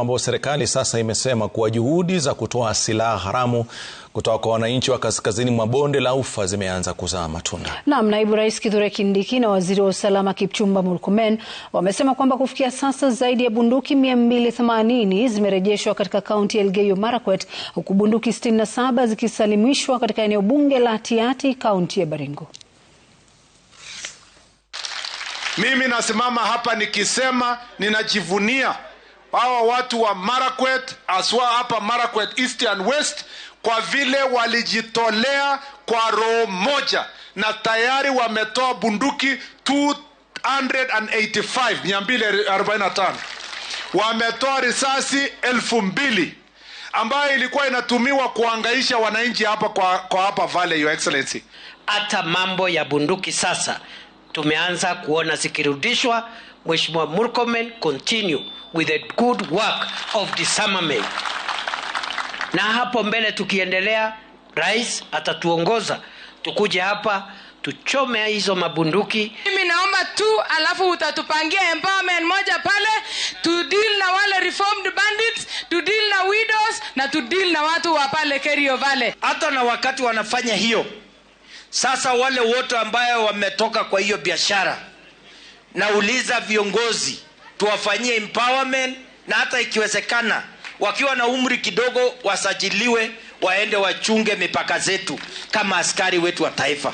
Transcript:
ambao serikali sasa imesema kuwa juhudi za kutoa silaha haramu kutoka kwa wananchi wa kaskazini mwa bonde la Ufa zimeanza kuzaa matunda. Naam, naibu rais Kithure Kindiki na waziri wa usalama Kipchumba Murkomen wamesema kwamba kufikia sasa zaidi ya bunduki 280 zimerejeshwa katika kaunti ya Elgeyo Marakwet, huku bunduki 67 zikisalimishwa katika eneo bunge la Tiaty, kaunti ya Baringo. Mimi nasimama hapa nikisema ninajivunia hawa watu wa Marakwet aswa hapa Marakwet East and West, kwa vile walijitolea kwa roho moja na tayari wametoa bunduki 285 245 wametoa risasi elfu mbili ambayo ilikuwa inatumiwa kuangaisha wananchi hapa kwa, kwa hapa vale, your excellency. Hata mambo ya bunduki sasa tumeanza kuona zikirudishwa mheshimiwa murkomen continue with the good work of disarmament na hapo mbele tukiendelea rais atatuongoza tukuje hapa tuchome hizo mabunduki mimi naomba tu alafu utatupangia empowerment moja pale to deal na wale reformed bandits to deal na widows na to deal na watu wa pale kerio vale hata na wakati wanafanya hiyo sasa wale wote ambayo wametoka kwa hiyo biashara, nauliza viongozi tuwafanyie empowerment, na hata ikiwezekana wakiwa na umri kidogo wasajiliwe, waende wachunge mipaka zetu kama askari wetu wa taifa.